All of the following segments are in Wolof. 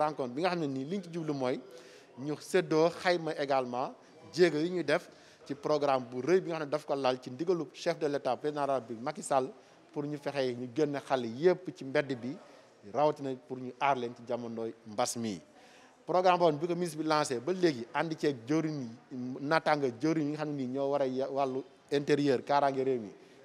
rencontre bi nga xam ne nii liñ ci jublu mooy ñu seddoo xayma également jéego yi ñuy def ci programme bu rëy bi nga xam ne daf ko laal ci ndigalu chef de l'état président de la République pour ñu fexe ñu génn xale yépp ci mbedd bi rawatina pour ñu aar leen ci jamonoy mbas mi. programme boobu bi ko ministre bi lancé ba léegi ànd ceeg jëwriñ naataanga jëwriñ yi nga xam ne nii ñoo war a wàllu intérieur kaaraange réew mi.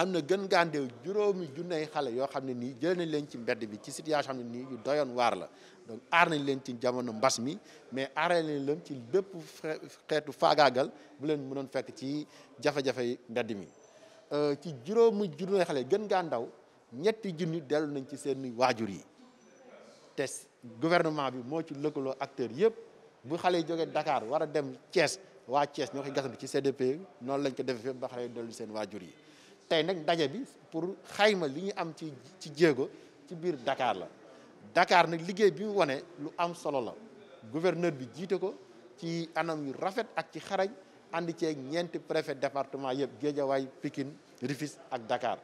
amna gën gaa néew juróomi xalé yo xamné ni ne jël nañ leen ci mbedd bi ci situation ni ne yu doyoon waar la donc ar nañ leen ci jamono mbass mi mais aaree nañ leen ci bépp xétu faagaagal bu leen mënon fekk ci jafe-jafe mbedd mi euh, ci juróomi junney xalé gën gaa ndaw ñetti junni delu nañ ci seen waajur yi te gouvernement bi mo ci lëkkaloo acteur yépp bu xalé jogé Dakar wara dem Thiès wa Thiès ñoo gassandi ci CDP non lañ ko defee ba xale yi seen waajur yi tey nag ndaje bi pour xayma li ñu am ci ci jéego ci biir dakaar la dakaar nag liggéey bi mu wane lu am solo la gouverneur bi jiite ko ci anam yu rafet ak ci xarañ ànd ceeg ñeenti préfet département yëpp Guédiawaye Pikine Rufisque ak dakaar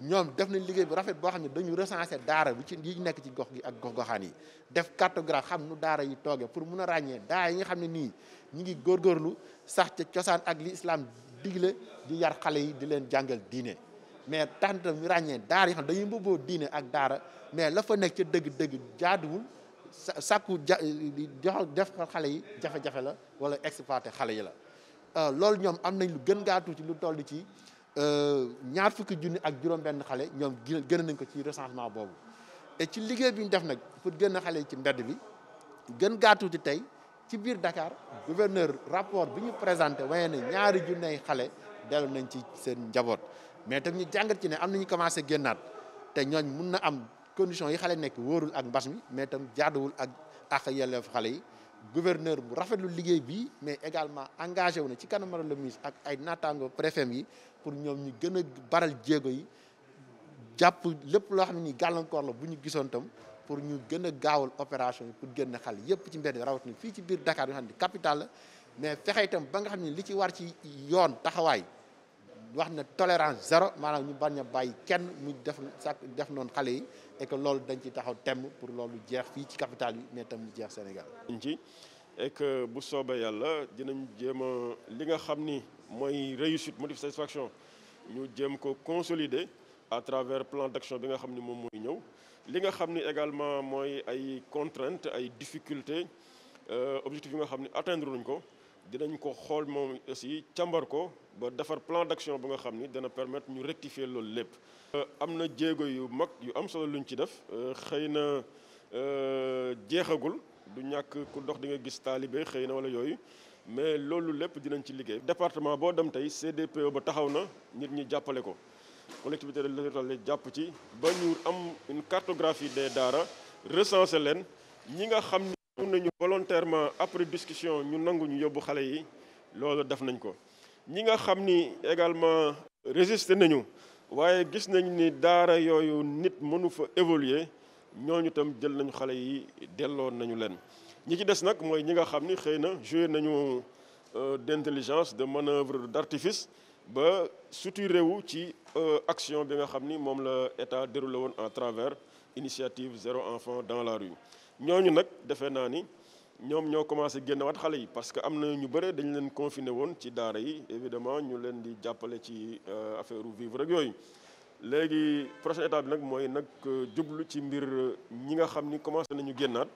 ñoom def nañ liggéey bu rafet boo xam ne dañu recensé daara bi ci yi nekk ci gox gi ak gox-goxaan yi def cartographie xam nu daara yi tooge pour mun a ràññee daara yi nga xam ne nii ñu ngi góorgóorlu sax ca cosaan ak li islam digle di yar xale yi di leen jàngal diine mais tax na ñu ràññee daara yi xam dañuy mbooboo diine ak daara mais la fa nekk ca dëgg-dëgg jaaduwul sàkku ja def xale yi jafe-jafe la wala exploité xale yi la euh, loolu ñoom am nañ lu gën gaa tuuti lu toll ci euh, ñaar fukki junni ak juróom-benn xale ñoom gi gën nañ ko ci recensement boobu et ci liggéey bi ñu def nag pour gën xale yi ci mbedd bi gën gaa tuuti tey ci biir dakaar gouverneur rapport bi ñu présenté waaye ne ñaari junney xale dellu nañ ci seen njaboot mais tam ñu jàngat ci ne am nañu commencé génnaat te ñooñ mun na am condition yi xale nekk wóorul ak mbas mi mais tam jaaduwul ak ak yelleef xale yi gouverneur bu rafetlu liggéey bi mais également engagé wu na ci kanam le ak ay naataango préfet yi pour ñoom ñu gën a baral jéego yi jàpp lépp loo xam ne ni gàllankoor la bu ñu gisoon tam pour ñu gën a gaawal opération yi pour génn xal yépp ci mbedd rawatina fii ci biir Dakar yoo xam ne capital mais fexe itam ba nga xam ne li ci war ci yoon taxawaay wax na tolérance zéro maanaam ñu bañ a bàyyi kenn mu def sa def noonu xale yi et loolu dañ ci taxaw temm pour loolu jeex fii ci capital bi mais tam mu jeex Sénégal. ci et bu soobee yàlla dinañ jéem a li nga xam ni mooy réussite satisfaction ñu jéem ko consolider. à travers plan d'action bi nga xam ni moom mooy li nga xam également moy ay contraintes ay difficultés euh, objectif yi nga xam ni atteindre luñ ko dinañ ko xool moom aussi càmbar ko ba defar plan d'action bu nga xam dana permettre ñu rectifier loolu lépp. Euh, am na yu mag yu am solo luñ ci def euh, xëy na jeexagul du ñàkk ku dox di nga gis taalibe xëy na wala yooyu. mais loolu lépp dinañ ci liggéey département boo dem tey CDP e ba taxaw na nit ñi jàppale ko collectivité territoriale jàpp ci ba ñu am une cartographie des daara recenser len ñi nga xamni ni nañu volontairement après discussion ñu nangu ñu yobbu xalé yi lolu def nañ ko ñi nga xamni également résister nañu waye gis nañ ni daara yoyu nit mënu fa évoluer ñooñu tam jël nañu xalé yi delloo nañu len ñi ci dess nak moy ñi nga xamni xeyna jouer nañu euh, d'intelligence de manœuvre d'artifice ba suturé réew ci euh, action bi nga xam ni moom la état déroulé woon à travers initiative zéro enfant dans la rue ñooñu nag defee naa ni ñoom ñoo commencé génnewaat xale yi parce que am na ñu bëre dañu leen confiné woon ci daara yi évidemment ñu leen di jàppale ci euh, affaire u vivre yooyu léegi prochaine état bi nag mooy nag euh, jublu ci mbir ñi nga xam ni commencé nañu génnaat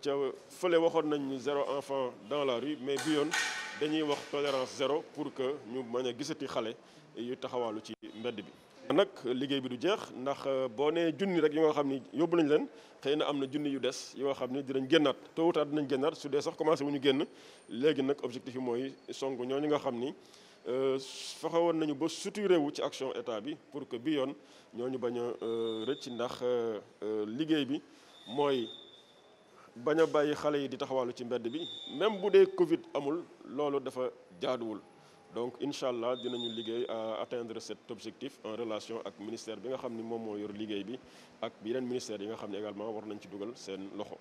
ca fële waxoon nañu zéro enfant dans la rue mais bi yoon dañuy wax tolérance zéro pour que ñu mën a gisati xale yu taxawaalu ci mbedd bi. nak liggéey bi du jeex ndax euh, bo né jooni rek yi nga xamni ni nañ leen xeyna na jooni yu dess yoo xam ni dinañ génnaat tôt ou tard dinañ su dé sax commencé wu genn légui nak objectif moy songu ñooñu nga xamni euh fexe woon nañu ba suturé wu ci action état bi pour que bi yoon ñooñu baña euh recc ndax euh, euh, liggéey bi moy baña bayyi xalé yi di taxawaalu ci mbedd bi même bu Covid amul lolu dafa jaaduwul donc inshallah dinañu liggéey à atteindre cet objectif en relation ak ministère bi nga xamni mom mo yor liggéey bi ak yeneen ministère yi nga xamni également war nañ ci duggal sen loxo.